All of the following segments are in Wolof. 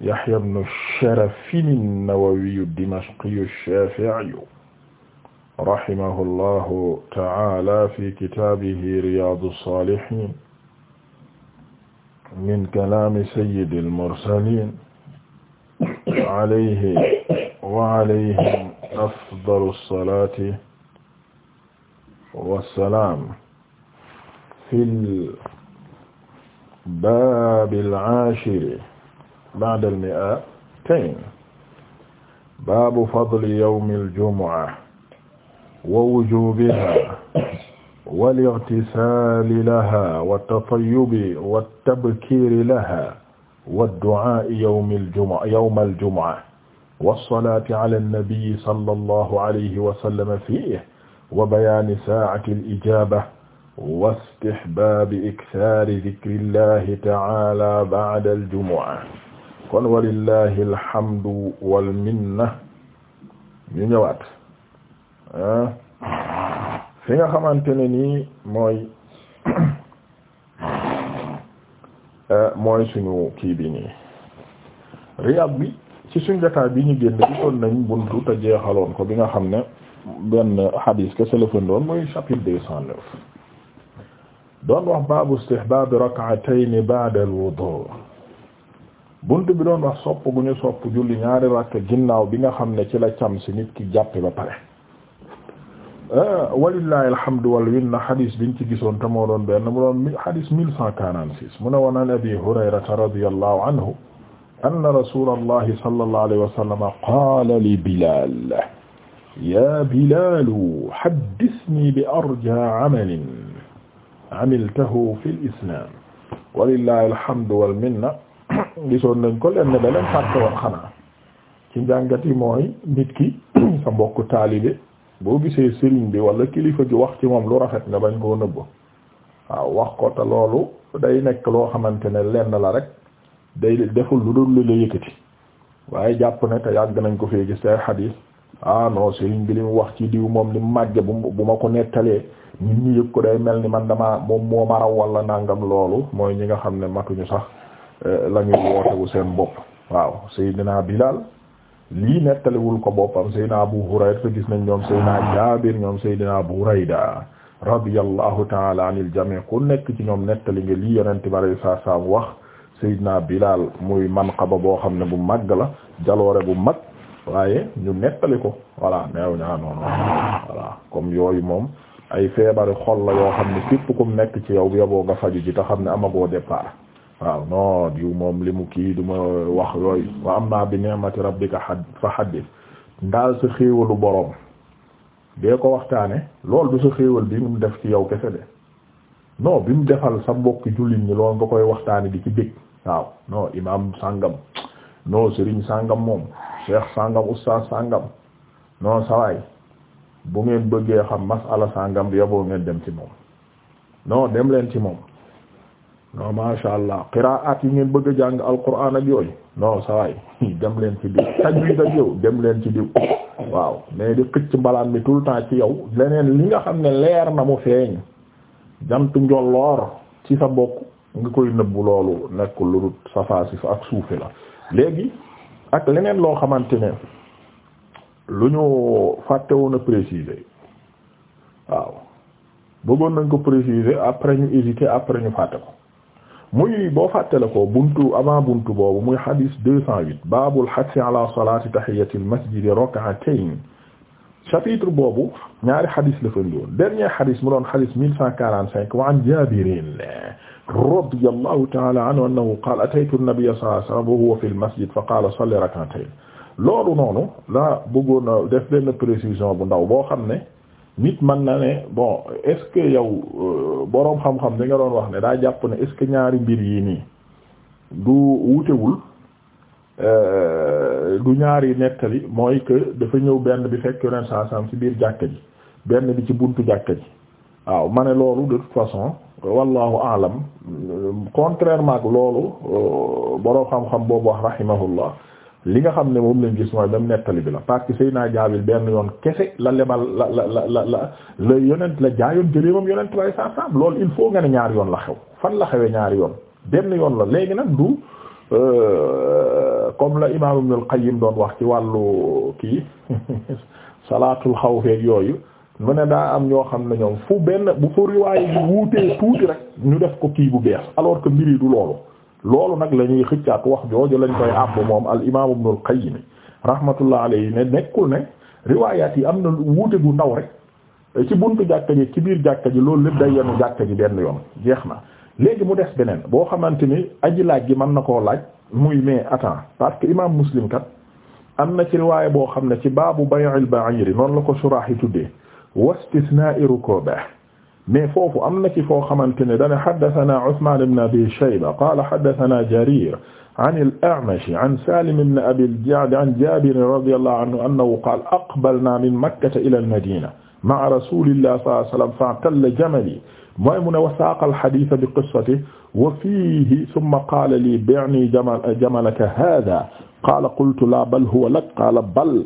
Yahya ibn Sharaf an-Nawawi ad-Dimashqi ash-Shafi'i rahimahullahu ta'ala fi kitaabihi Riyaadu as-Saalihiin min kalaami sayyidil mursaliin alayhi wa alayhim afdalu as-salaati wassalaam fil baabil aashir ba'dal mi'atayn baabu fadli yawmil jumu'a wa wujuubihaa wal ightisaali lahaa wat tatayyubi wat tabkiiri lahaa wad du'aa'i yawmil jumu'a yawmal jumu'a was salaati 'alan nabiyyi sallallahu alayhi wa sallam fiihi wa bayaani saacatil ijaaba wa istihbaabi iktaari dikrillahi ta'aalaa ba'dal jumu'a kon walillahi alhamdu wal minna ñu ñëwaat fi nga xamante ne nii mooy euh, mooy suñu kii bi nii Riyad bi ci suñu jotaay bi ñu génn gisoon nañ buntu te jeexaloon ko bi nga xam ne benn hadis ke selefan doon mooy chapitre deux cent neuf doon wax baabu istihbab rak'atayn ba'da al bunt bi doon wax sopp gu ñu sopp julli ñaari rakk ginnaaw bi nga xam ne ci la cam si nit ki jàppe ba pare ah, walillahi alhamdu wal minna xadis biñ ci gisoon te moo doon benn mu doon xadis mille cent quarante six mu ne woon an abi hurayrata radiyallahu anhu anna rasulallahi sallallahu alayhi wa sallam qaala li bilal ya bilalu haddisni bi arja amalin amiltahu fi l islam walillahi alhamdu wal minna gisoon nañ ko leen ne da leen fàtte xanaa ci njàngat yi mooy nit ki sa mbokk taalibe boo gisee sëriñ bi wala kilifa gi wax ci moom lu rafet nga bañ koo nëbb waaw wax ko te loolu day nekk loo xamante ne lenn la rek day deful lu dul la yëkkati waaye jàpp ne te yàgg nañ ko fee gis tey xadiis ah non sëriñ bi li mu wax ci diw moom li mu màgge bu bu ma ko nettalee nit ñi yëg ko day mel ni man dama moom moo ma raw walla nàngam loolu mooy ñi nga xam ne matuñu sax Euh, la ñu seen bopp waaw Seydina Bilal lii nettaliwul ko boppam Seydina Abu Hurayra te gis nañ ñoom Seydina Jaabir ñoom Seydina Burayda radiyallahu taala anil jami' ku nekk ci ñoom nettali nga lii yonente bi alayhi salaam wax Seydina Bilal muy manqaba boo xam ne bu màgg la jaloore bu mag waaye ñu nettali ko voilà neew ñaa noonu voilà comme yooyu moom ay feebari xol la yoo xam ne képp kum nekk ci yow yoboo nga faju ji te xam ne amagoo départ waaw non diw moom li mu kii du ma wax yooyu wa amma bi ni'mati rabbika had fa haddith ndaal sa xéewalu boroom dee ko waxtaane lool du sa xéewal bi mu def ci yow kese de non bi mu defal sa mbokk jullit ñi lool nga koy waxtaane di ci bég waaw non imam sàngam non sëriñ sàngam moom cheikh sàngam oustaz sàngam non sawaay bu ngeen bëggee xam masala sàngam bi yaboo ngeen dem ci moom non dem leen ci moom non masha allah qiraat yi ngeen bëgg a jàng alquran ak yooyu non sawaay dem leen ci diw tajwid ak yow dem leen ci diw waaw mais di xëcc mbalaan mi tout le temps ci yow leneen li nga xam ne leer na mu feeñ jant njolloor ci sa bokk nga koy nëbbu loolu nekk lu rut safaasif ak suufi la léegi ak leneen loo xamante ne lu ñu fàtte woon a préciser waaw bëggoon nañ ko préciser après ñu hésiter après ñu fàtte ko muy boo fàttale ko buntu avant buntu boobu muy hadis deux cent huit baabul hasi ala salati tahiyati al masjidi rak'atayn chapitre boobu ñaari hadis la fa ndoon dernier hadis mu doon hadis mille cent quarante cinq wa an jabirin radiyallahu ta'ala anhu annahu qala ataytu an-nabiyya sallallahu alayhi wa sallam wa huwa fi al-masjid fa qala salli rak'atayn loolu noonu la bëggoon a def benn précision bu ndaw boo xam ne nit man na ne bon est yow euh, boroom xam-xam da nga doon wax ne daa jàpp ne est-ce que ñaari mbir yi nii du wutewul euh, du ñaari nettali mooy que dafa ñëw benn bi fekk yoneen saasam ci biir jàkka ji benn bi ci buntu jàkka ji waaw ma ne loolu de toute façon wallahu alam euh, contrairement ak loolu boroom xam-xam boobu wax rahimahullah li nga xam ne moom lañ gis mooy même nettali bi la parce que Seydina Jaabir benn yoon kese la lebal la la la la la la yonent la jaayoon jëleemam yonent bay sa sam loolu il faut nga ne ñaari yoon la xew fan la xewee ñaari yoon benn yoon la léegi nag du euh, comme la imam Ibn al-Qayyim doon wax ci wàllu kii salaatul xaw xawfeeg yooyu mu ne daa am ñoo xam ne ñoom fu benn bu fu riwaaye bi wuutee tuuti rek ñu def ko kii bu bees alors que mbir du loolu loolu nag la ñuy xëccaat wax jooju lañ koy àbb moom al imaam Ibnul Qayyim rahmatullah alayhi ne nekkul ne riwaayaat yi am na wuute gu ndaw rek ci buntu jàkka ji ci biir jàkka ji loolu lépp day yenu jàkka ji benn yoon jeex na léegi mu des beneen boo xamante ni aji laaj gi mën na koo laaj muy mais attends parce que imaam Muslim kat am na ci riwaaya boo xam ne ci baabu bay'il ba'ir noonu la ko suraax yi tuddee wa ko rukubihi mais foofu am na ci foo xamante ne dane haddathana Usman ibn Abi Shayba qala haddathana Jarir an al-A'mash an Salim ibn Abi al-Ja'd an Jabir radiyallahu anhu annahu qala aqbalna min Makkata ila al-Madina ma'a rasulillahi sallallahu alayhi wa sallam fa'talla jamali mooy mu ne wa saaqa al-hadith bi qissatihi wa fihi thumma qala li bi'ni jamalaka hadha qala qultu la bal huwa lak qala bal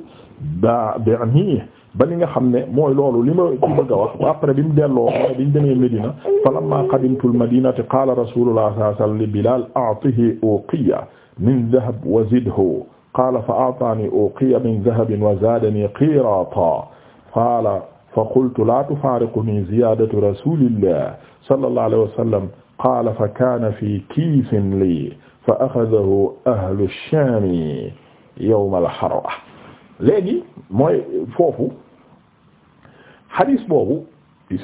bi'nihi ba li nga xam ne mooy loolu li ma ci bëgg a wax après bi mu delloo mooy bi ñu demee Medina falamma qadimtu al-madinati qala rasulullah sallallahu alayhi wasallam li Bilal a'tihi uqiya min dhahab wa zidhu qala fa a'tani uqiya min dhahabin wa zadani qirata qala fa qultu la tufariquni ziyadatu rasulillah sallallahu alayhi wasallam qala fa kana fi kifin li fa akhadhahu ahlu ash-sham yawm al-harra léegi mooy foofu xadiis boobu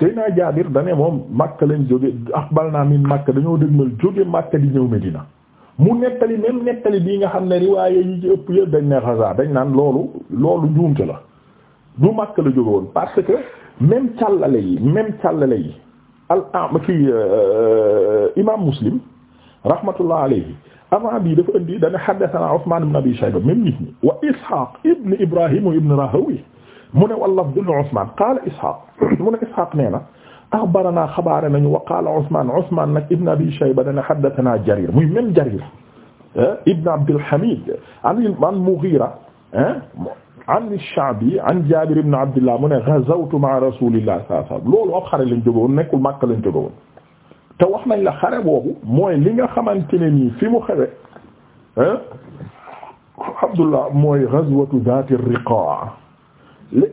Seydina Jaabir dane moom Makka lañ joge jóge aqbalna min Makka dañoo dëgmal jóge Makka di ñëw Medina mu nettali même nettali bii nga xam ne riwaaye yi ci ëpp yëpp dañ ne xasaar dañ naan loolu loolu njuumte la du Makka la jóge parce que même càllale yi même càllale yi al am kii euh, euh, imaam Muslim rahmatullah alayhi avant bii dafa indi dana haddathana Usmaan ibn Abi Shayba même nit ñi wa Ishaaq ibn Ibrahim ibn Rahawi mu ne wala ibnu Usmaan qaala Isxaaq mu ne Isxaaq nee na axbaranaa xabaare nañu wa qaala Usmaan Usmaan nag ibnu Abi Shayba dana haddathanaa Jariir muy même Jariir eh, ibnu Abdil Hamiid an Mughiira eh, an Sha'bi an Jaabir ibnu Abdillah mu ne ghazawtu ma'a Rasuulillaah sallallaahu alayhi wa sallam loolu ab xare lañ jógoon nekkul Makka lañ jógoon te wax nañ la xare boobu mooy li nga xamante ne nii fi mu xewe eh, Abdullah mooy ghazwatu zaati riqaa'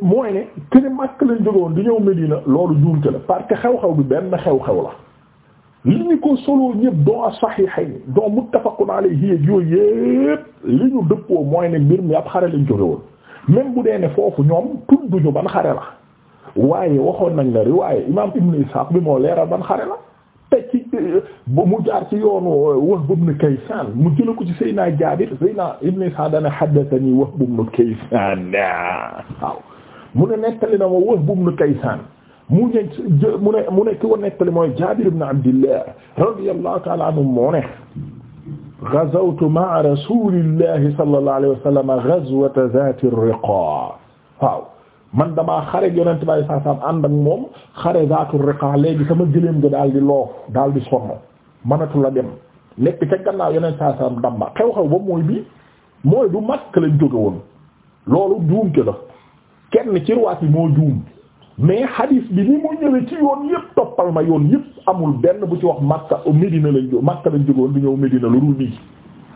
mooy ne kene Makka lañ jógoon di ñëw Medina loolu juumte la parce que xew-xew bi benn xew-xew la li ñu ko soloo ñëpp doo a saxiixayn doo muttafaqun alayhi yooyu yëpp li ñu dëppoo mooy ne mbir mi ab xare lañ jóge woon bu dee ne foofu ñoom tudduñu ban xare la waaye waxoon nañ la riwaaye imaam Ibn Ishaq bi moo leeral ban xare la te ci mu jaar ci yoonu Wahb ibn Kaysaan mu jëla ko ci naa Jaabir Seydina Ibn Ishaq dana haddathani Wahb ibn Kaysaan waaw mu ne nettali na ma Wahb ibn Kaysaan mu ne mu ne mu ne ki ko nettali mooy Jaabir ibn Abdillah radiyallahu ta'ala anhu moo ne ghazawtu ma'a rasulillahi sallallahu alayhi wa sallam ghazwata zaati riqaa waaw man damaa xare yonent bi saa saam ànd ak moom xare zaatu riqaa léegi sama gëléem ga daal di loof daal di sonn mënatu la dem nekk ca gannaaw yonent saa saam damba xew-xew ba mooy bi mooy du Makka lañ jóge woon loolu juumte la. kenn ci ruwaat yi moo juum mais hadis bi ni mu ñëwee ci yoon yëpp toppal ma yoon yëpp amul benn bu ci wax Makka Medina lañ jóg Makka lañ jógoon di ñëw Medina lu dul nii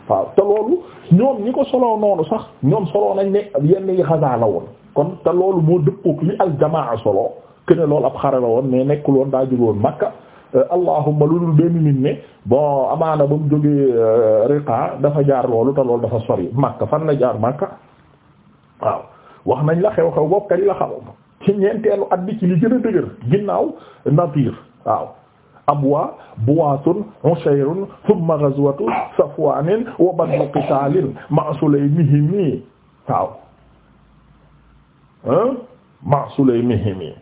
waaw te loolu ñoom ñi ko soloo noonu sax ñoom soloo nañ ne yenn yi xasaa la woon kon te loolu moo dëppook li ak jamaa solo que ne loolu ab xare la woon mais nekkul woon daa jógoon Makka euh, allahumma lu dul benn nit ne boo amaana ba mu jógee euh, Riqa dafa jaar loolu te loolu dafa sori Makka fan la jaar Makka wax nañ la xew-xew boobu kañ la xamoon ci ñeenteelu at bi ci li gën a dëgër ginnaaw Nadir waaw abwa buwaatun ushayrun thumma ghazwatu safwanin wa badru qitaalin ma'a sulaymihimi waaw ma'a sulaymihimi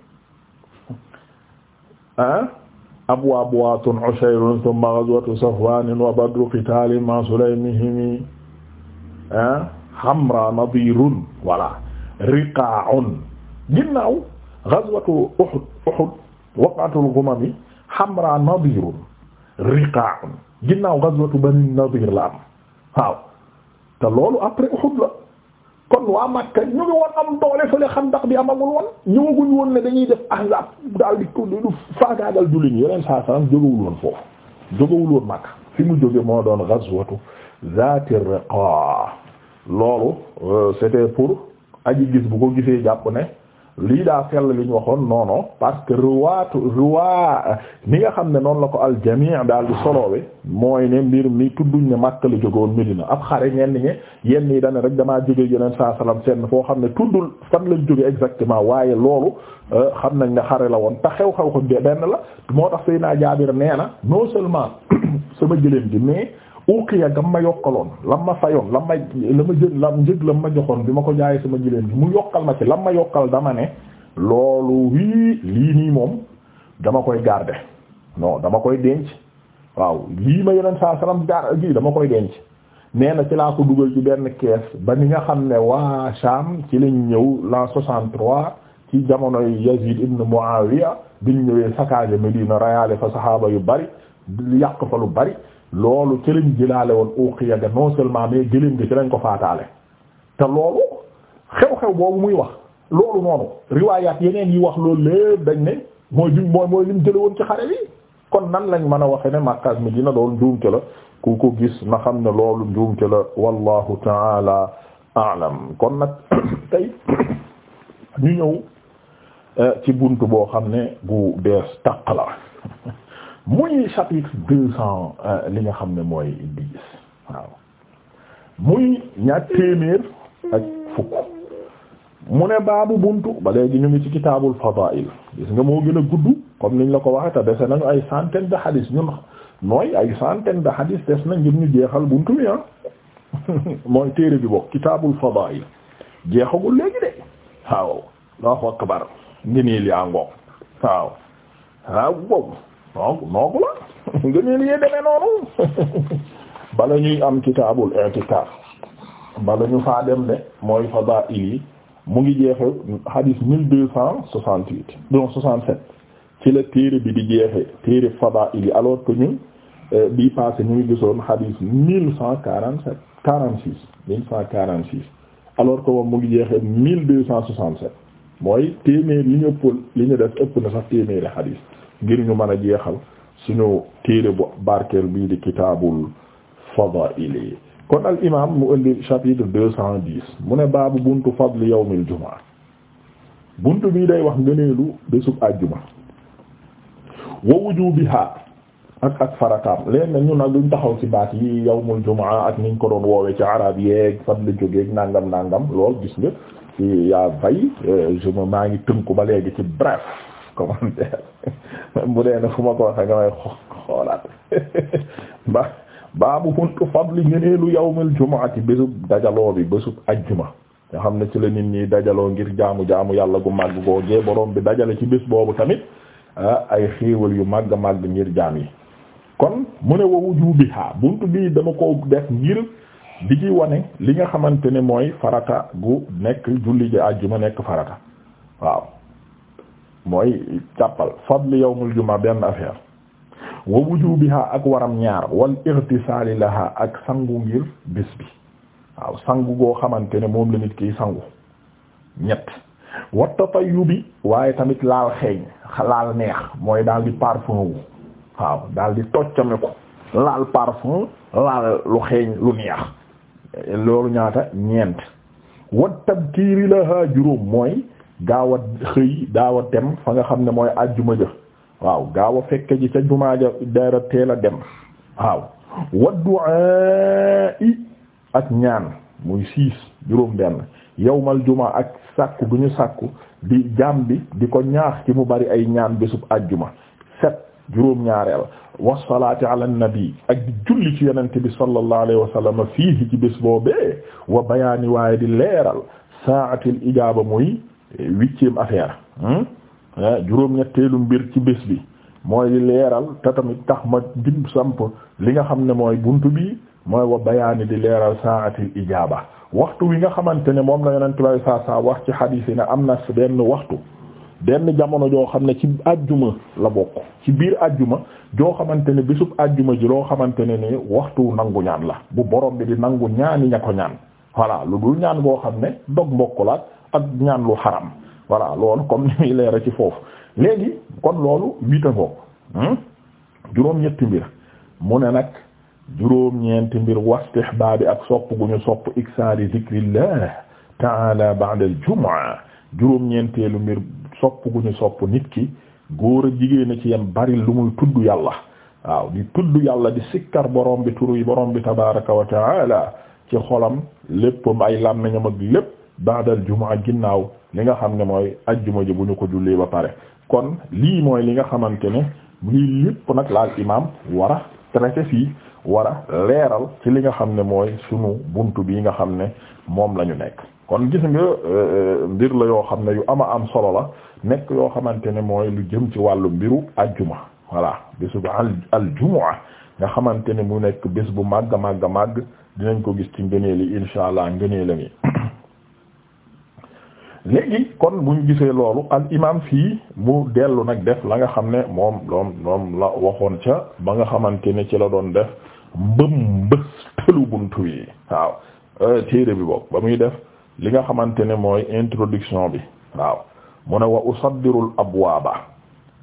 ah abwa buwaatun ushayrun thumma ghazwatu safwanin wa badru qitaalin ma'a sulaymihimi ah hamra nadirun voilà riqaa'un ginnaaw ghazwatu Uhud Uhud waqatul ghumami hamra nadirun riqaa'un ginnaaw ghazwatu bani nadir la am waaw te loolu après Uhud la kon waa Makka ñu ngi woon am doole fële Xandaq bi amagul woon ñëwaguñ woon ne dañuy def ahzaab daal di ko du faagaagal jullit ñi yeneen saa salaam jógewul woon foofu jógewul woon Makka fi mu jóge moo doon ghazwatu zaati riqaa loolu euh, c'était pour aj gis bu ko gisee jàpp ne lii daa sell li ñu waxoon noonu parce que ruwaatu ruwaa ni nga xam ne noonu la ko al jamii daal di soloowe mooy ne mbir mi tudduñ ne Makka la jógoon Medina ab xare ñenn ñi yenn yi dañ rek damaa jóge yeneen saa salaam seen foo xam ne tuddul fan lañ jóge exactement waaye loolu euh, xam nañ ne xare la woon te xew-xew ko benn la moo tax naa Jaabir nee na non seulement sama jëleen gi mais. uqiya gam ma yokkaloon lam ma fayoon lam ma la ma jël lam njëg ma joxoon bi ma ko jaayee sama jileen bi mu yokkal ma ci la ma yokkal dama ne loolu wii lii nii moom dama koy garder non dama koy denc waaw lii ma yeneen saa salam gar dama koy denc nee na ci laa ko dugal ci benn kees ba ni nga xam ne waa Sham ci lañ ñëw l'an 63 ci jamonoy Yazid ibn Muawiya biñ ñëwee saccage Medina rayaale fa saxaaba yu bari yàq fa lu bari loolu ci lañ jëlaale woon uqiya ga non seulement mais gëléem gi ci lañ ko faataale te loolu xew-xew boobu muy wax loolu noonu riwaayaat yeneen yi wax loolu lépp dañ ne mooy bi mooy lim jële ci xare bi kon nan lañ mën a waxe ne Makka mi dina doon njuumte la ku ko gis na xam ne loolu njuumte la wallahu taala aalam kon nag tey ñu ñëw euh, ci bunt boo xam ne bu bees taq la muy chapitre deux cent euh, li nga xam ne mooy dix waaw muy ñaar téeméer ak fukk mu ne baabu buntu ba léegi ñu ngi ci kitaabul fadaa'il gis nga moo gën a gudd comme niñ la ko waxee te dese nañu ay centaine de hadith ñun nooy ay centaine de hadith des na ngir ñu jeexal buntu bi ah mooy téere bi bokk kitaabul fadaa'il jeexagul léegi de waaw Allahu akbar ngëneel yaa ngoog waaw waaw boobu donc noogu la ngëneel yi demee noonu bala ñuy am kitaabul i'tikaaf bala ñu fa dem de mooy fadaa'il yi mu ngi jeexe hadith mille deux cent soixante huit donc soixante sept ci la téere bi di jeexe téere fadaa'il yi alors que ñun euh, bii passé ñu ngi gisoon hadith mille cent quarante sept quarante six mille cent quarante six alors que moom mu ngi jeexe mille deux cent soixante sept mooy téeméer li ñu ëpp li ñu def ëpp na sax téeméeri hadith ngir ñu man a jeexal suñu téere bu barkeel bii di kitaabul fadaa'il kon al imam mu indi chapitre deux cent dix mu ne baabu buntu fadli yawmil juma bunt bii day wax ngëneelu bésub àjjuma wa wujubiha ak ak farataam leen na ñu ak duñ taxaw ci baat yi yawmul jumaa ak niñ ko doon woowe ci arab yeeg fadli jógeeg nangam nangam lool gis nga ci yaa bay maa ngi tënku ba léegi ci bref commentaire bu dee ne fu ma ko waxee nga may xoolaat ba baabu buntu fadli ngëneelu yawmul jumu'ati bésub dajaloo bi bésub ajjuma nga xam ne ci la nit ñi dajaloo ngir jaamu jaamu yàlla gu màgg googee borom bi dajale ci bés boobu tamit ah, ay xéewal yu màgg màgg ngir jaam yi kon mu ne wowu juubiha buntu bii dama ko def ngir di ci wane li nga xamante ne mooy farata gu nekk julli ji ajjuma nekk farata waaw mooy càppal fadl yawmul jumaa benn affaire wa wujubiha ak waram ñaar wal irtisaali laha ak sangu ngir bés bi waaw sangu goo xamante ne moom la nit kiy sangu ñett wa tatayyubi waaye tamit laal xeeñ laal neex mooy daal di parfum wu waaw daal di toccame laal parfum laal lu xeeñ lu neex loolu ñaata ñeent wa tabkiiri laha juróom mooy gaawa a xëy daaw a fa nga xam ne mooy ajjuma jëf waaw gaaw a fekke ji ca jumaa ja dara teel a dem waaw wa du'a i ak ñaan muy siis juróom benn yowmal jumaa ak sàkku bu ñu sàkku di jàmbi di ko ñaax ki mu bari ay ñaan bésub ajjuma set juróom ñaareel wasalaati ala nabi ak di julli ci yonente bi sallallahu alayhi wa sallam fiihi ci bés boobee wa bayaani waaye di leeral saatil ijaaba muy huitième affaire hmm? eh, juróom-ñetteelu mbir ci bés bi mooy li leeral te tamit tax ma dim samp li nga xam ne mooy buntu bi mooy wa bayaani di leeral saatil ijaaba waxtu wi nga xamante ne moom la yonent bi saa saa wax ci xadiis yi ne am na benn waxtu benn jamono joo xam ne ci ajjuma la bokk ci biir ajjuma joo xamante ne bésub ajjuma ji loo xamante ne ni waxtu nangu ñaan la bu borom bi di nangu ñaani ña ko ñaan voilà lu dul ñaan boo xam ne dog mbokk ak ñaan lu xaram voilà loolu comme ni muy leera ci foofu léegi kon loolu huit a ngoog hmm? juróom-ñetti mbir mu ne nag juróom-ñeenti mbir wastihbaabi ak sopp gu ñu sopp iksaari zikrillah ta'ala ba'da al-jumu'a juróom-ñeenteelu mbir sopp gu ñu sopp nit ki góor a jigéen a ci yem bari lu muy tudd yàlla waaw di tudd yàlla di sikkar borom bi turu yi borom bi tabaaraka wa ta'ala ci xolam léppam ay làmmiñam ak lépp ba'dal jumaa ginnaaw li nga xam ne mooy ajjuma ji bu ñu ko jullee ba pare kon lii mooy li nga xamante ne bu lii lépp nag laal imaam war a traité fii war a leeral ci li nga xam ne mooy sunu buntu bi nga xam ne moom la ñu nekk kon gis nga euh, mbir la yoo xam ne yu ama am solo la nekk yoo xamante ne mooy lu jëm ci wàllu mbiru ajjuma voilà bésu al aljumaa nga xamante ne mu nekk bés bu màgg màgg màgg dinañ ko gis ci li insha allah ngëneelam yi léegi kon bu ñu gisee loolu al imam fii mu dellu nag def la nga xam ne moom loom loom la waxoon ca ba nga xamante ne ci la doon def mbëm mbëstalu buntu yi waaw euh, téere bi bokk ba muy def li nga xamante ne mooy introduction bi waaw mu ne wa usaddirul abwaaba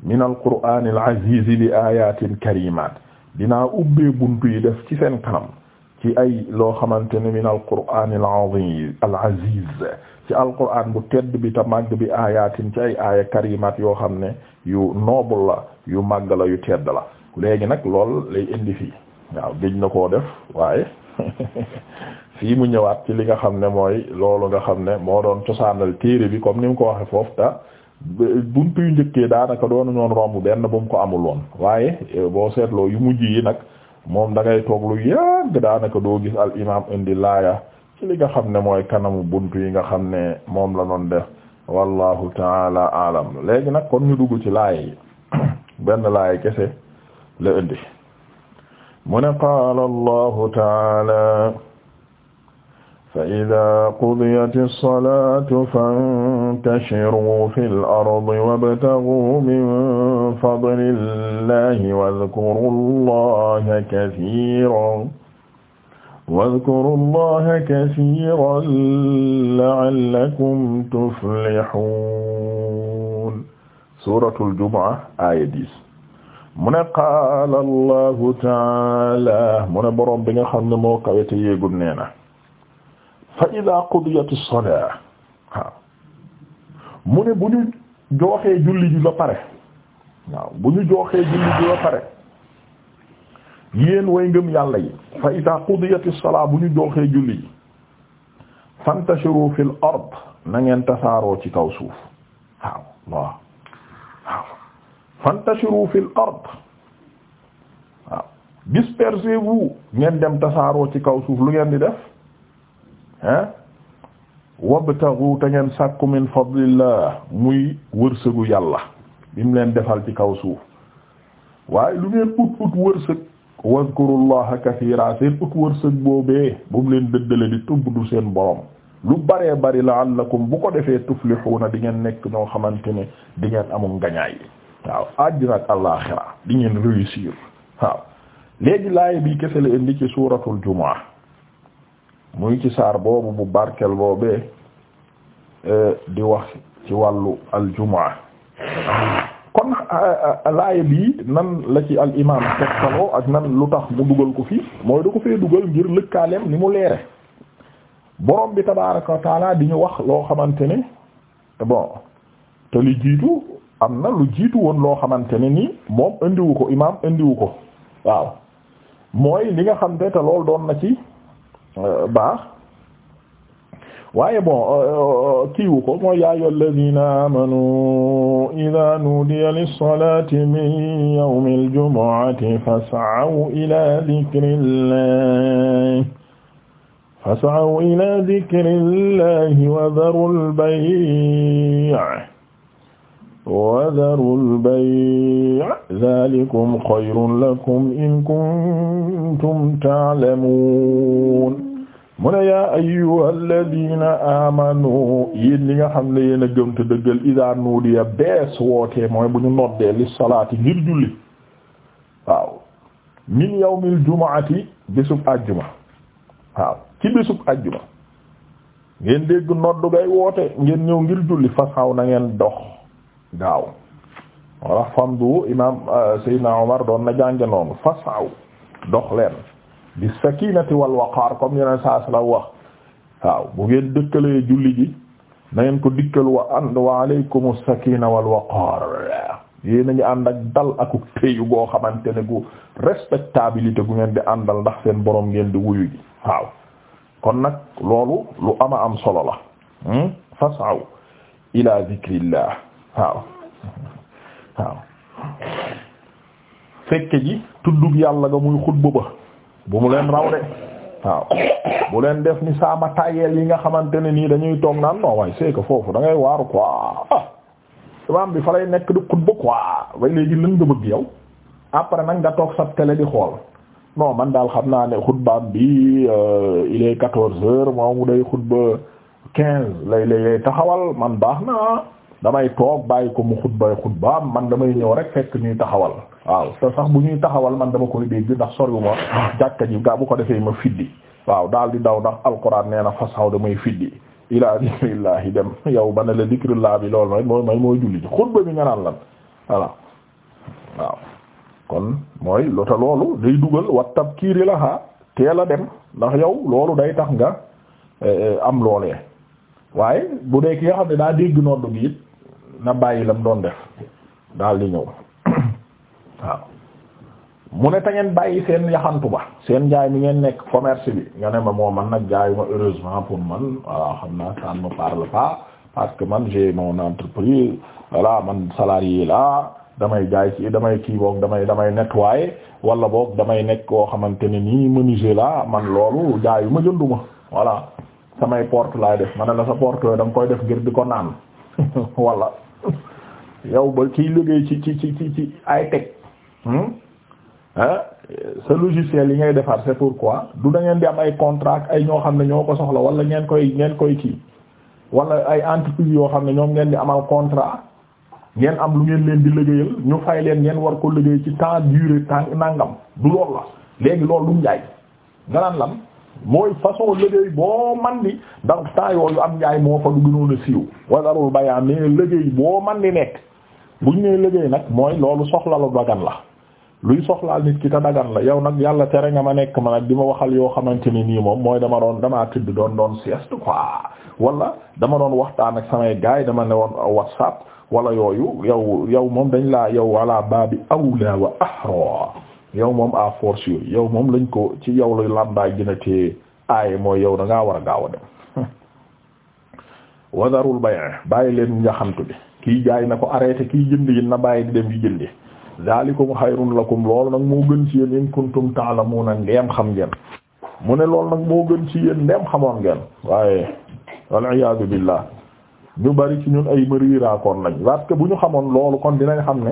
min al qur'aanil aziizi bi ayatin karimaat dinaa ubbee bunt yi def ci seen kanam ci ay loo xamante ne min alqur'an al-azim al-aziz ci alqur'an bu tedd bi ta màgg bi ayatin ci ay aaya karimat yoo xam ne yu noble la yu màgg la yu tedd la léegi nag lool lay indi fii waaw géj na koo def waaye fii mu ñëwaat ci li nga xam ne mooy loolu nga xam ne moo doon cosaanal téere bi comme ni mu ko waxe foofu ta buntu yu njëkkee daanaka doonu ñoon romb benn bu mu ko amul woon waaye eh, boo seetloo yu mujj yi nag moom da ngay toog lu yàgg daanaka doo gis al imaam indi laaya ci li nga xam ne mooy kanamu buntu yi nga xam ne moom la doon def wallahu taala alam léegi nag kon ñu dugg ci laaya yi benn laaya kese la indi mu ne qaala allahu taala فإذا قضيت الصلاة فانتشروا في الأرض وابتغوا من فضل الله واذكروا الله كثيرا واذكروا الله كثيرا لعلكم تفلحون suuratul jumu'a aaya dix mu ne qaala Allahu ta'aala mu ne boroom bi nga xam ne moo kawe te yéegul nee na fa ida qudiyat as-salah waaw mu ne bu ñu jooxee julli ji ba pare waaw bu ñu jooxee julli ji ba pare yéen way ngëm yàlla yi fa ida qudiyat as-salah bu ñu jooxee julli ji fantashiru fil ard na ngeen tasaaroo ci kaw suuf waaw waaw waaw fantashiru fil ard waaw dispersez-vous ngeen dem tasaaroo ci kaw suuf lu ngeen di def ah wabtagu te ngeen sàkku min fadlillah muy wërsëgu yàlla bi mu leen defal ci kaw suuf waaye lu ngeen ut ut wërsëg wazkurullaha kathiira seen ut wërsëg boobee bu mu leen dëddale di tubdu seen borom lu baree bari la'allakum bu ko defee tuflihuuna di ngeen nekk ñoo xamante ne di ngeen amul ngañaay waaw àddina ak àllaaxira di ngeen réussir waaw léegi laaya bi kese la indi ci suuratul jumaa muy ci saar boobu bu barkel boobee e, di wax ci wàllu aljumaa kon laaya bii nan la ci al imam tegtaloo ak nan lu tax mu dugal ko fii mooy da ko fee dugal ngir lëkkaaleem li mu leere borom bi tabaaraka wa di ñu wax loo xamante ne bon te li jiitu am na lu jiitu woon loo xamante ne moom indiwu ko imam indiwu ko waaw mooy li nga xam te te loolu doon na ci Euh, baax waaye bon euh, euh, kiiwu ko mooy yaa ayyuha alladhina amanu idha nudiya lis-salati min yawmil jumu'ati fas'aw ila dhikrillah fas'aw ila dhikrillahi wa dharul bay' وذروا البيع ذلكم خير لكم إن كنتم تعلمون mu ne yaa ayyuha alladina amanu yéen nga xam ne yéen a gëm te dëggal idaa bees wootee mooy bu ñu noddee li salaati ngir julli waaw min yawmil jumaati bésub àjjuma waaw ci bésub àjjuma ngeen dégg noddu gay woote ngeen ñëw ngir julli fa xaw na ngeen dox gaaw walla famdu imaam euh, Seydina Omar doon na jànge noonu fa dox leen bi sakinati wal waqaar comme yeneen saa sala wax waaw bu ngeen dëkkalee julli ji na ko dikkal wa ànd wa alaykum as-sakina wal waqaar yéen a ànd ak dal akuk téyu goo xamante ne gu respectabilité gu ngeen di àndal ndax seen boroom ngeen di wuyu ji waaw kon nag loolu lu ama am solo la hmm? fasaw ila zikrillah waaw waaw fekke ji tuddug yàlla nga muy xutba ba bu mu leen raw de waaw bu leen def ni saama tayeel yi nga xamante ne nii dañuy toog naan non waaye c'est foofu dangay waaru quoi ah imaam bi fa lay nekk di xutba quoi way léegi lan nga bëgg yow après nag nga toog sa télé di xool non man daal xam naa ne xutbaam bi euh, il est quatorze heures moom mu day xutba quinze lay lay taxawal man baax na damay toog bàyyi ko mu xutbay xutbaam man damay ñëw rek fekk ñuy taxawal waaw te sax bu ñuy taxawal man dama koy dégg ndax soriwuma jàkka ji gaa bu ko defee ma fiddi waaw daal di daw ndax alquran nee na fasaw damay fiddi ilaa dikrillahi dem yow ba ne la dikrillah bi loolu mooy mooy mooy julli ji xutba bi nga naan lan waaw kon mooy lu loolu day dugal wa tabkiiri laha teel a dem ndax yow loolu day tax nga eh, eh, am loolee waaye bu dee ki xam ne daa dégg noddu gi na bàyyi lam doon def daal di ñëw waaw mu ne te ngeen bàyyi seen yaxantu ba seen jaay mi ngeen nekk commerce bi nga ne ma moo man nag jaayuma heureusement pour man voilà xam naa ça ne me parle pas parce que man j'ai mon entreprise voilà man salarié la damay jaay ci damay kii boog damay damay nettoyer wala boog damay nekk koo xamante ne nii menuisier la man loolu jaayuma jënduma voilà samay porte laay def ma ne la sa porte da nga koy def ngir di ko naan wala yow ba kiy liggéey ci Hmm? Eh? sa logiciel yi ngay defar c'est quoi du da ngeen di am ay contrat ay ñoo xam ne ñoo ko soxla wala ngeen koy ngeen koy kii wala ay entreprise yoo xam ne ñoom ngeen di amal contrat ngeen am lu ngeen leen di liggéeyal ñu fay leen ngeen war ko liggéey ci temps durée temps nangam du loolu la léegi lool lu njaay nga naan lan mooy façon liggéey boo man di donc temps yooyu am njaay moo fa du gënoon a siiw wadarul bayaa mais liggéey boo man di nekk buñ nee liggéey nag mooy loolu soxla lu la luy soxlaal nit ki te dagan la yow nag yàlla tere nga ma nekk ma nag di ma waxal yoo xamante ne nii moom mooy dama doon damaa tudd doon doon sieste quoi wala dama doon waxtaan ak samay yi dama ne woon whatsapp wala yooyu yow yow moom dañ laa yow wala bi awla wa ahra yow moom à force yooyu yow moom lañ ko ci yow la làmbaay gën a téye aaye mooy yow da ngaa war a gaaw a dem wadarul bay bàyyi leen nga xamtu bi kii jaay na ko arrêté kii jënd yi na bàyyi di dem yi jëndi zalikum xayrun lakum loolu nag moo gën ci yéen in kuntum ta'lamuna ndeem xam ngeen mu ne lool nag moo gën ci yéen ndeem xamoon ngeen waaye waliyasu billah ñu bari ci ñun ay mariiraakoon lañ parce que bu ñu xamoon loolu kon dinañ xam ne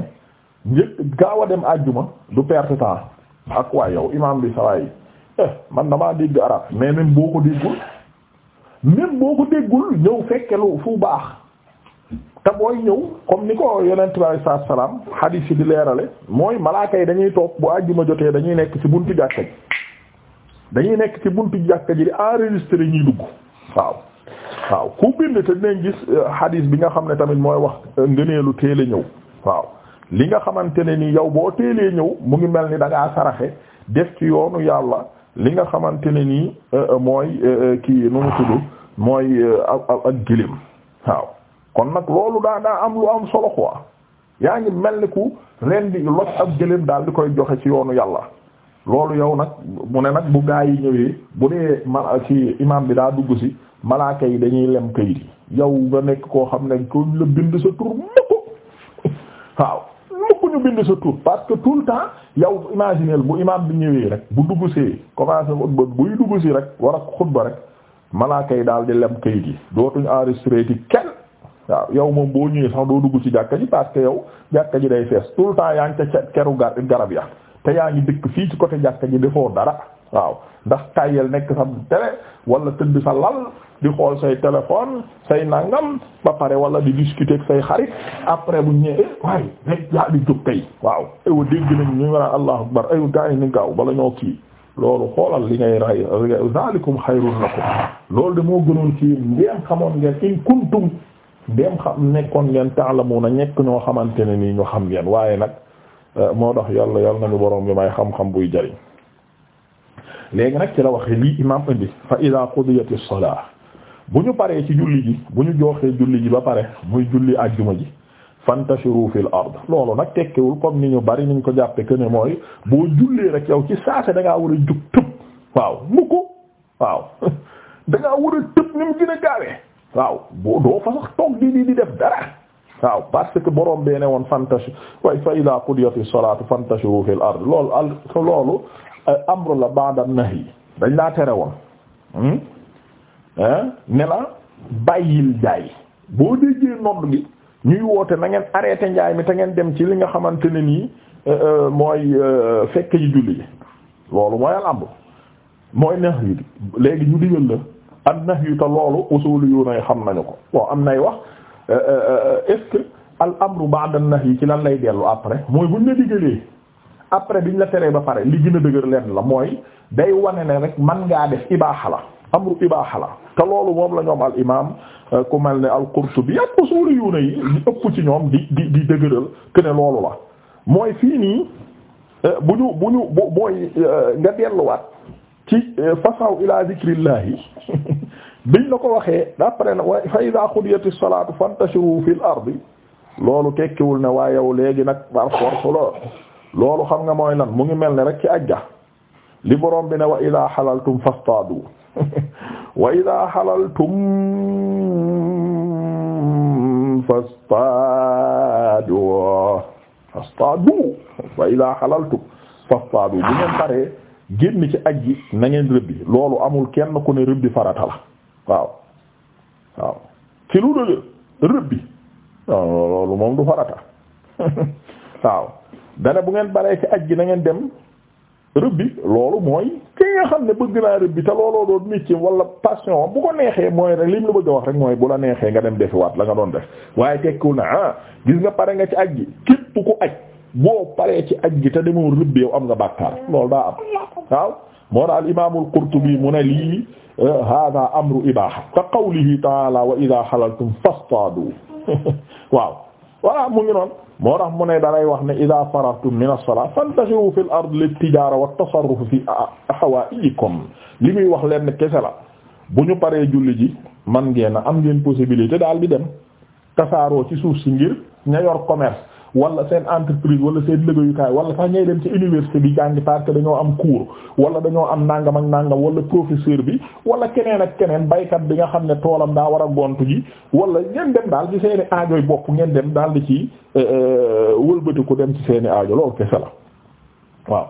njëkk gaaw a dem àjjuma du perte temps ak waay yow imam bi sawaay man damaa dégg arab mais même boo ko déggul même boo ko déggul ñëw fekkelu fu baax te booy ñëw comme ni ko yonent bi alayhi salaatu salaam yi di leerale mooy malaaka yi dañuy toog bu àjjuma jotee dañuy nekk ci buntu jàkka ji dañuy nekk ci buntu jàkka ji di enregistrer ñuy dugg waaw waaw ku bind te dinañ gis euh, hadith bi nga xam ne tamit mooy wax euh, ngëneelu teel a ñëw waaw li nga xamante ne ni yow boo teelee ñëw mu ngi mel ni da ngaa saraxe def ci yoonu yàlla li nga xamante ne nii euh, mooy kii nu mu mooy ak ak gilim waaw. kon nag loolu daa daa am lu am solo quoi yaa ngi mel ni ku leen loj ab gëléem daal di koy joxe ci yoonu yàlla loolu yow nag mu ne nag bu gaa yi ñëwee bu dee ma ci imam bi daa dugg si malaaka yi dañuy lem kayit yi yow ba nekk koo xam ne ko la bind sa tur mukk waaw mukk ñu bind sa tur parce que tout le temps yow imagineel bu imam bi ñëwee rek bu dugg see commencé xutba buy dugg si rek war a xutba rek malaaka yi daal di lem kayit yi dootuñu enregistré ci kenn waaw yow moom boo ñëwee sax doo dugg ci jàkka ji parce que yow jàkka ji day fees tout temps yaa ngi ca keru gar garab ya te yaa ngi dëkk fii ci côté jàkka ji defoo dara waaw ndax tàyyel nekk sa télé wala tëdd sa lal di xool say téléphone say nangam ba pare wala di discuter ak say xarit après bu ñëwee eh, waaye rek yaa di jóg tey waaw aywa dégg nañ ñu wara allahu akbar aywa gaa yi ni gaaw bala ñoo kii loolu xoolal li ngay ray zalikum xayrun lakum loolu de moo gënoon dem xam nekkoon ngeen na ñekk ñoo xamante ne nii ñu xam ngeen waaye nag euh, moo tax yàlla yàlla nañu borom bi may xam-xam buy jariñ léegi nag ci la waxe lii imam indi fa ida qudiyati salaa bu ñu paree ci julli ji bu ñu jooxee julli ji ba pare muy julli àjjuma ji fantashiru fil ard loolu nag tekkewul comme ni ñu bari niñ ko jàppe que ne mooy boo jullee rek yow ci saase da war a jug tëb waaw mu waaw da war a tëb ni mu gën a gaawee waaw boo doo fa sax toog di di di def dara waaw parce que borom bee ne woon fantash way fa ila qudiyati salatu fantashiru ard loolu al loolu eh, amru la ba'da nahi dañ laa tere woon hmm? eh? ne la bàyyil jaay boo déggee nodd gi ñuy woote na ngeen arrêté njaay mi te ngeen dem ci li nga xamante ne nii eh, mooy fekk yi julli loolu mooy al amru mooy nahi léegi ñu digal la an-nahyu te loolu yi xam nañu ko bon am nay wax euh, euh, euh, est-ce que al amru ba'da an-nahyi ci lan lay dellu après mooy buñ la digalee après biñ la teree ba pare li gën a dëgër lenn la mooy day wane ne rek man ngaa def ibaaxa la amru ibaaxa la te loolu moom la ñoom al imaam ku mel ne al Qurtubi ak usuliyuuna yi ñu ëpp ci ñoom di di di dëgëral que ne loolu la mooy fii nii bu ñu bu ñu bu mooy nga delluwaat ci fasaw ila zikrillahi biñ la ko waxee d'après nag waaye fa idaa xudiyati salaatu fantashiru fil loolu tekkiwul ne waa yow léegi nag par force loolu xam nga mooy lan mu ngi mel ni rek ci ajja li borom bi ne wa idaa xalaltum fastaadu wa idaa xalaltum fastaadu fastaadu wa idaa xalaltum ngeen paree génn ci ajji na ngeen loolu amul kenn ku ne rëbbi farata waaw waaw ci lu dëgër rëbb loolu moom du farata waaw dana bu ngeen baree ci aj gi na ngeen dem rëbbi loolu mooy ki nga xam ne bëgg naa rëbbi te looloo doon métier wala passion bu ko neexee mooy rek lim la bëgg a wax rek mooy bu la neexee nga dem defi waat la nga doon def waaye tekkiwul na ah gis nga pare nga ci aj gi képp ku aj boo paree ci aj gi te demoo rëbbi am nga bàkkaar loolu daa am waaw moo daal imaamul Qurtubi mu ne lii eh, hada amru ibaha ka qawlihi taala wa ida xalaltum fastadu waaw voilà mu ngi noonu moo tax mu ne dalay wax ne ida faragtum min as-salaa fantashiru fil ard lit-tijaara wat-tasarruf fi hawaa'ijikum li muy wax leen kese bu ñu paree julli ji man ngeen am ngeen possibilité daal di dem tasaaroo ci suuf si ngir ña yor commerce wala seen entreprise wala seen liggéeyukaay wala sax ñay dem ci université bi jàngi parce que dañoo am cours wala dañoo am nangam ak nangam wala professeur bi wala keneen ak keneen baykat bi nga xam ne toolam daa war a gontu ji wala ngeen dem daal ci seeni aajo yi bopp ngeen dem daal di ci euh, euh, wëlbatiku dem ci seeni aajo loolu kese la waaw.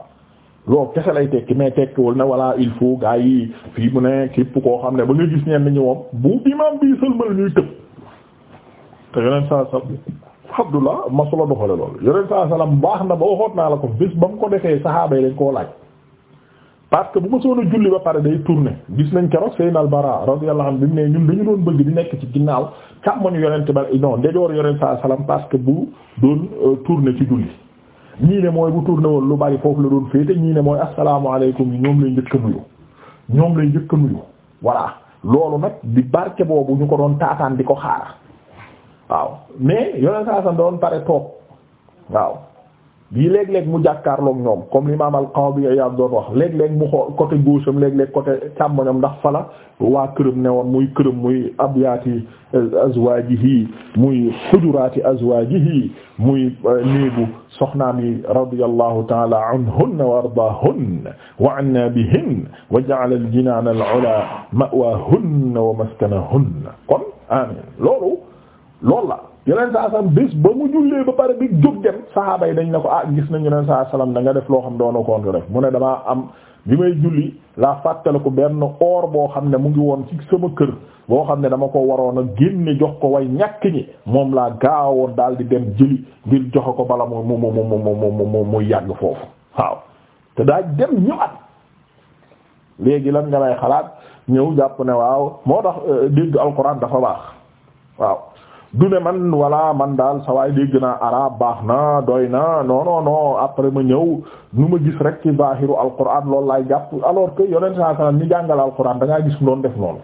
loolu kese lay tekki mais tekkiwul ne voilà il faut gars yi fii mu ne képp koo xam ne ba nga gis ñenn ñi moom bu imaam bii sëlmal ñuy tëb Abdullah masula doxale lool yonent saa salaam baax na ba waxoot naa la ko bés ba mu ko defee koo laaj parce que bu ma soon a julli ba pare day tourner gis nañ keroog Seydina Al-Bara radiyallahu anhu bi mu ne ñun dañu doon bëgg di nekk ci ginnaaw càmmoñu yonent ba non ndejoor yonent saa salaam parce que bu doon euh, tourner ci julli ñii ne mooy bu tourner woon lu bari foofu la doon féete ñii ne mooy asalaamaaleykum yi ñoom lay njëkk a nuyu ñoom lay njëkk a nuyu voilà loolu nag di barke boobu ñu ko doon taataan di ko xaar waaw mais yoneen saa san doon pare toog waaw bii léeg-léeg mu jàkkaarloog ñoom comme l'imam al-Qadi Iyad doon wax léeg-léeg mu xool côté gauche am léeg-léeg côté càmmoñam ndax fala waa këram ne woon muy këram muy abyaati azwajihi muy hujurati azwajihi muy euh, néegu soxnaam yi radiyallahu ta'ala anhunna wa ardaahunna wa anna bihinna wa ja'ala al-jinana al-'ula ma'wahunna wa maskanahunna kon amin loolu lool la yeneen saa salaam bés ba mu jullee ba pare bi jóg dem saxaaba yi dañ ne ko ah gis nañ yeneen saa salaam danga nga def loo xam doona koon def mu ne damaa am bi may julli laa fàttaliku benn or boo xam ne mu ngi woon ci sama kër boo xam ne dama ko waroon a génne jox ko way ñàkk ñi moom laa gaawoon daal di dem jëli ngir joxe ko bala mu mu mu mu mu mu yàgg foofu waaw te daa dem ñëwaat léegi lan nga lay xalaat ñëw jàpp ne waaw moo tax euh, dégg alxuraan dafa baax waaw du man walla man daal sawaay dégg naa arab baax na doy naa non non après ma ñëw nu ma gis rek ci zahiru alquran loolu laay jàpp alors que yonent saa sallam ñi jàngal alquran da ngaa gis mu def loolu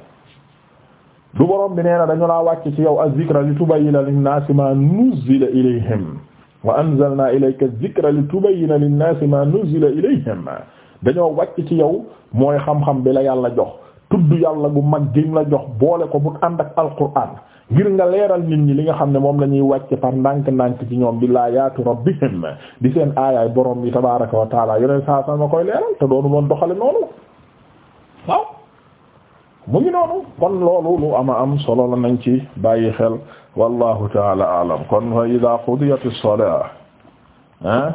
du borom bi nee na dañu laa wàcc ci yow az-zikra li tubayyina lin-naasi ma nuzzila wa anzalna ilayka az-zikra li tubayyina naasi ma nuzzila ilayhim dañoo wàcc ci yow mooy xam-xam bi la yàlla jox tudd yàlla gu mag gim la jox boole ko bu ànd ak alquran ngir nga leeral nit ñi li nga xam ne moom la ñuy wàcc par ndànk-ndànk ci ñoom bi laayaatu rabbihim di seen aayaay borom bi tabaaraka wa taala yeneen koy leeral te doonu woon doxale noonu waaw mu ngi noonu kon loolu lu ama am solo la nañ ci bàyyi xel wallahu taala aalam kon fa ida qudiyat as-salah ah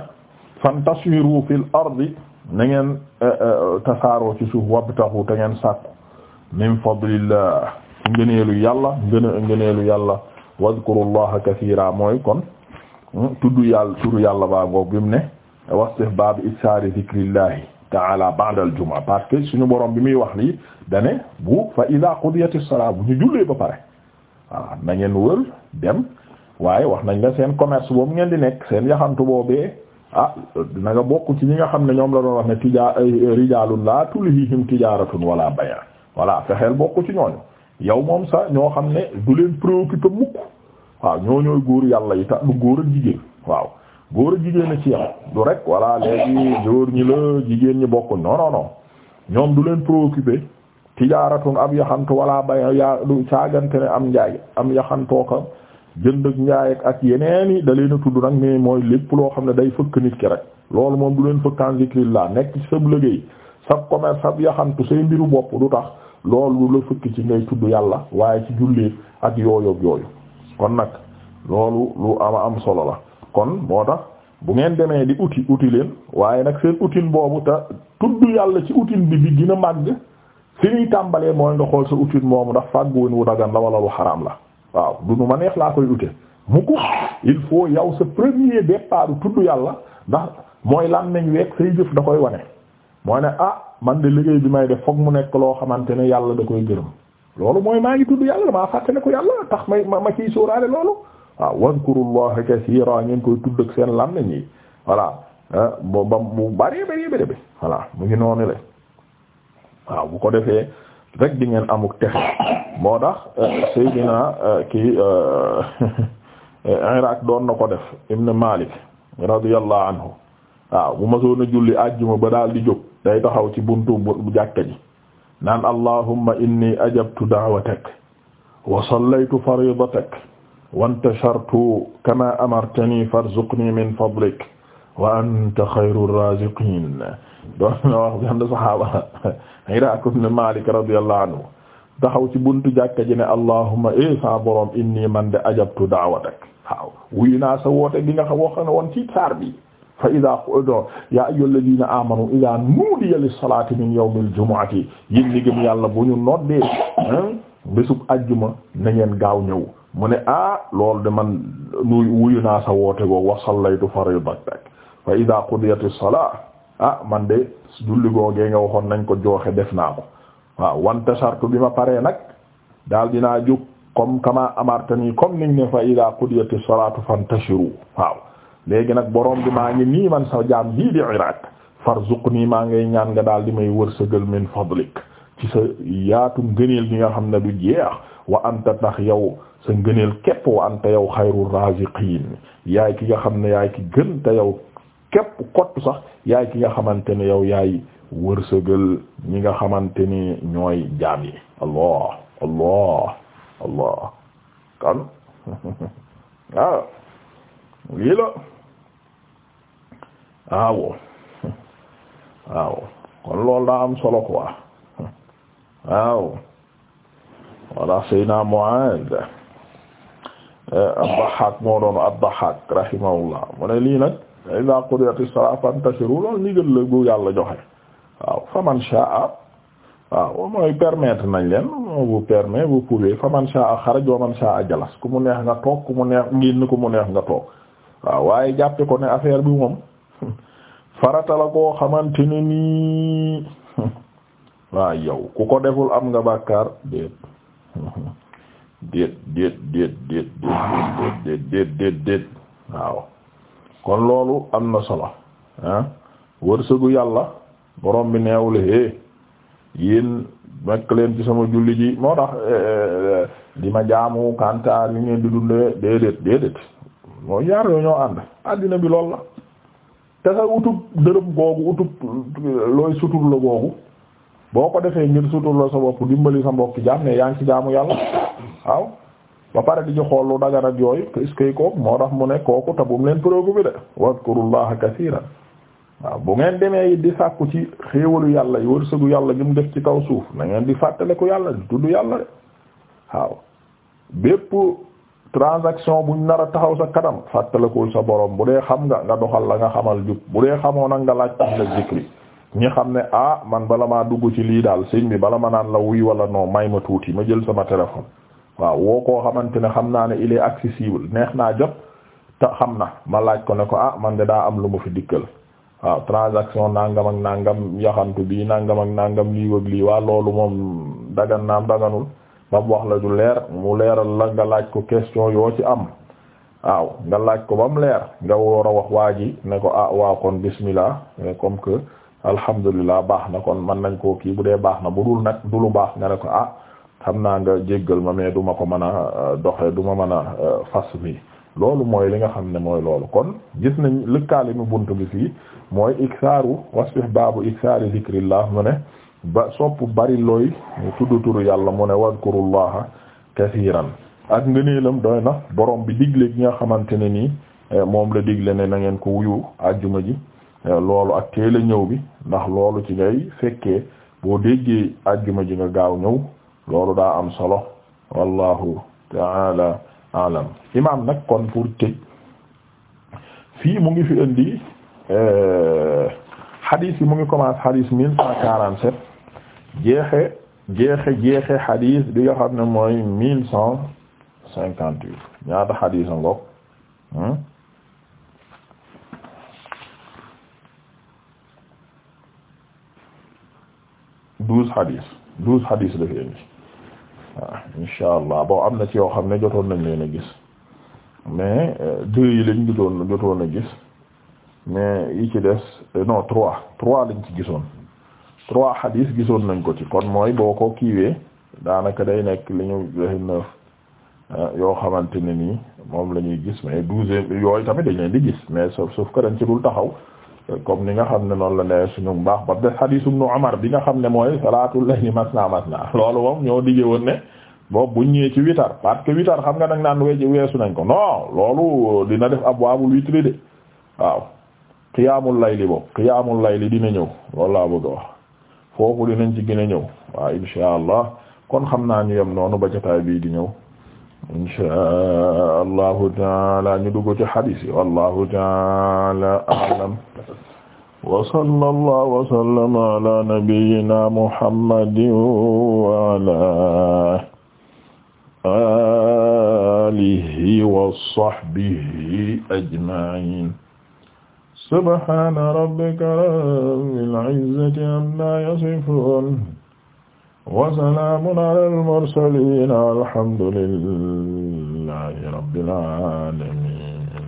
fantasiru fil ardi na eh, eh, tasaaroo ci suuf wabtahu te ngeen min fadlillah ngëneelu yàlla ngëne ngëneelu yàlla wazkurullaha kasiira mooy kon hmm, tudd yàlla turu yàlla baa ngoog bi mu ne wastih bab isaari zikrillahi taala ba'dal jumaa parce que suñu borom bi muy wax lii dane bu fa ida qudiyati salaa bu ñu jullee ba pare waaw na ngeen wër dem waaye wax nañ la seen commerce boobu ngeen di nekk seen yaxantu boobee ah na nga bokk ci ñi nga xam ne ñoom la doon wax ne tija eh, rijaalun laa tulhihim tijaratun wala bay' wala fexeel bokk ci ñooñu yow moom sax ñoo xam ne du leen préoccupé mukk waaw ñoo ñooy góor yàlla yi tax du góor ak jigéen waaw góor ak jigéen a ci yam du rek voilà léegi góor ñi la jigéen ñi bokk non non ñoom du leen préoccupé tijaaratun ab yaxantu walaa bay yaa du saagante ne am njaay am yaxantooka jënd ak njaay ak yeneen yi da leen a tudd nag mais mooy lépp loo xam ne day fëkk nit ki rek loolu moom du leen fëkk en laa nekk ci sab liggéey sab commerce sab mbiru bopp du tax loolu la fëkk ci ngay tudd yàlla waaye ci julli ak yooyoog yooyu kon nag loolu lu ama am solo la kon moo tax bu ngeen demee di uti uti leen waaye nag seen utin boobu te tudd yàlla ci utin bi bi gën a màgg fi ñuy tàmbalee mooy nga xool sa utin moomu ndax fàgguwun wu dagan la wala lu xaraam la waaw du nu ma neex laa koy ute mu ko il faut yow sa premier départ tudd yàlla ndax mooy lan nañ weeg say jëf da koy wane mooy ne ah man de liggéey bi may def foog mu nekk loo xamante ne yàlla da koy gërëm loolu mooy maa ngi tudd yàlla maa fàtte ne ko yàlla tax may ma ma ciy sóoraale loolu waaw wazkurullaha kasiira ngeen koy tudd ak seen lam nañ yi voilà bo ah, ba bu bari bari bari bi voilà mu ngi noonu le waaw bu ko defee rek di ngeen amuk texe moo tax eh, Seydina eh, kii eh, Irak doon na ko def Ibn Malik radiyallahu anhu waaw bu ma soon a julli àjjuma ba daal di jóg day taxaw ci buntu bu jàkka ji naan allahumma inni ajabtu da'watak wa sallaytu faridatak wa intashartu kama amartani farzuqni min fadlik wa anta xayru raziqin doon na wax benn saxaaba Iraak ibn Maalik radiyallahu anhu taxaw ci buntu jàkka ji ne allahumma e eh, sa borom inni man de ajabtu da'watak waaw wuyu naa sa woote gi nga xam wax na woon ci saar bi fa ida ya yaa ayyuha alladina amanu ida nuudiya lissalati min yawmil jumu'ati yéen ñi gëm yàlla bu ñu noddee bésub ajjuma na ngeen gaaw ñëw mu ne ah loolu de man nuy wuyu naa sa woote goo wa sallaytu faridatak fa ida qudiyati salaa ah man de julli googee nga waxoon nañ ko jooxe def naa ko waaw wante sartu bi ma pare nag daal dinaa jóg kom kama amartani comme niñ ne fa ida qudiyati salatu fantashiru waaw léegi nag boroom bi maa ngi nii man sa jaam yii di Irak farzuqni maa ngay ñaan nga daal di may wërsëgal min fadlik ci sa yaatu ngëneel gi nga xam ne du jeex wa anta tax yow sa ngëneel képp wa anta yow xayru raziqin yaay ki nga xam ne yaay ki gën te yow képp kott sax yaay ki nga xamante ne yow yaay wërsëgal ñi nga xamante ni ñooy jaam yi allah allah allah kan waaw ah, lii la waaw waaw kon loolu daa am solo quoi waaw wala Seydina Muaaz eh, ad-Dahhaak moo doon ad-Dahhaak rahimahullah mu ne lii nag iza qudiyati s la gu yàlla joxe waaw faman sha'a waaw mooy permettre nañ leen on vous permet vous pouvez faman sha'a xaraja wa man sha'a jalas ku mu neex nga toog ku mu neex ngénn ku mu neex nga toog waaw waaye jàppe ko ne affaire bi moom farata la koo xamante ne nii waa yow ku ko deful am nga bàkkaar déet déet déet déet déet déet déet déet déet waaw kon loolu am na solo ah wërsëgu yàlla borom bi neewul hé eh. yéen nekk leen ci sama julli ji moo tax eh, eh, di ma jaamu kanta ni ngeen dundee déedéet déedéet moo yaar yoo ñoo ànd àddina bi lool la te sa utub dërëm googu utub looy sutur la googu boo ko defee ngir sutur la sa bopp dimbali sa mbokk jaam ne yaa ngi ci jaamu yàlla waaw ba pare di ci xool lu dagan ak yooyu est-ce que moo tax mu ne kooku te bu mu leen préoccupé de wadkurullaha kasiiran waaw bu ngeen demee it di sàkku ci xéewalu yàlla yi wërsëgu yàlla gi mu def ci kaw suuf na di fàttale fàttaliku yàlla di tudd yàlla de waaw bépp transaction buñ nar a taxaw sa kanam fàttalikul sa borom bu dee xam nga nga doxal la nga xamal jub bu dee xamoo nag nga laaj am la zikri ñi xam ne ah man bala maa dugg ci lii daal sëñ bi bala ma naan la wuy wala non may ma tuuti ma jël sama téléphone waaw woo koo xamante ne xam naa ne il est accessible neex naa jot te xam na ma laaj ko ne ko ah man de daa am lu ma fi dikkal waaw transaction nangam ak nangam yaxantu bi nangam ak nangam lii wëg lii waa loolu moom dagan naam daganul bam wax la du leer mu leeral la nga laaj ko question yoo ci am waaw nga laaj ko ba mu leer nga woor a wax waa ji ne ko ah waaw kon bismillah comme que alhamdulilah baax na kon mën nañ ko kii bu dee baax na bu dul nag du lu baax nga ne ko ah xam naa nga jéggal ma mais du ma ko mën a euh, doxe du ma mën a euh, fas bi loolu mooy li nga xam ne mooy loolu kon gis nañ lëkkaali mu bunt bi fii mooy iksaaru wasfih baabu iksaari zikrillah mu ne ba sopp bari looy tudd turu yàlla mu ne wadkurullaha kathiran ak ngëneelam doy na borom bi digle gi nga xamante ne nii eh, moom la digle ne na ngeen ko wuyu àjjuma ji eh, loolu ak teel ñëw bi ndax loolu ci ngay fekkee boo déggee àjjuma ji nga gaaw ñëw loolu daa am solo wallahu taala alam imam nag kon pour tëj fii mu ngi fi indi eh, hadith yi mu ngi commence hadith mille jeexe jeexe jeexe xadis bi nga xam ne mooy mille cent cinquante huit ñaata xadis a ngoog hmm? douze xadis douze xadis la fi insha ah, allah bon am na ci yoo xam ne jotoon nañ leen a gis mais euh, deux yi lañ jotoon jotoon a gis mais yi ci des euh, non trois trois lañ ci gisoon trois hadith gisoon nañ ko ci kon mooy boo ko kiiwee daanaka day nekk li ñu joxe neuf euh, yoo xamante ne nii moom la ñuy gis mais douze yooyu tamit a leen di mais sauf sauf que ci dul taxaw comme ni nga xam ne noonu la ne suñu mbaax ba des hadith Ibnu Umar bi nga xam ne mooy salaatul layli masna masna loolu moom ñoo digge woon ne boobu buñ ñëwee ci witar parce que witar xam nga nag naan weesu weesu nañ ko non loolu dina def abwaabul witri de waaw qiyaamul layli boobu qiyaamul layli dina ñëw loolu foofu dinañ ci gën a ñëw waaw insha allah kon xam naa ñu yem noonu ba jotaay bii di ñëw insha allahu taala ñu dugg ci hadis yi wallahu taala a'lam wa sallallahu wa sallama ala nabiyyina muhammadin wa ala alihi wa sahbihi ajma'in subhaana rabbika rabbil izzati ammaa yasifuun wa salaamun alal mursaliin alhamdu lillaahi rabbil aalamiin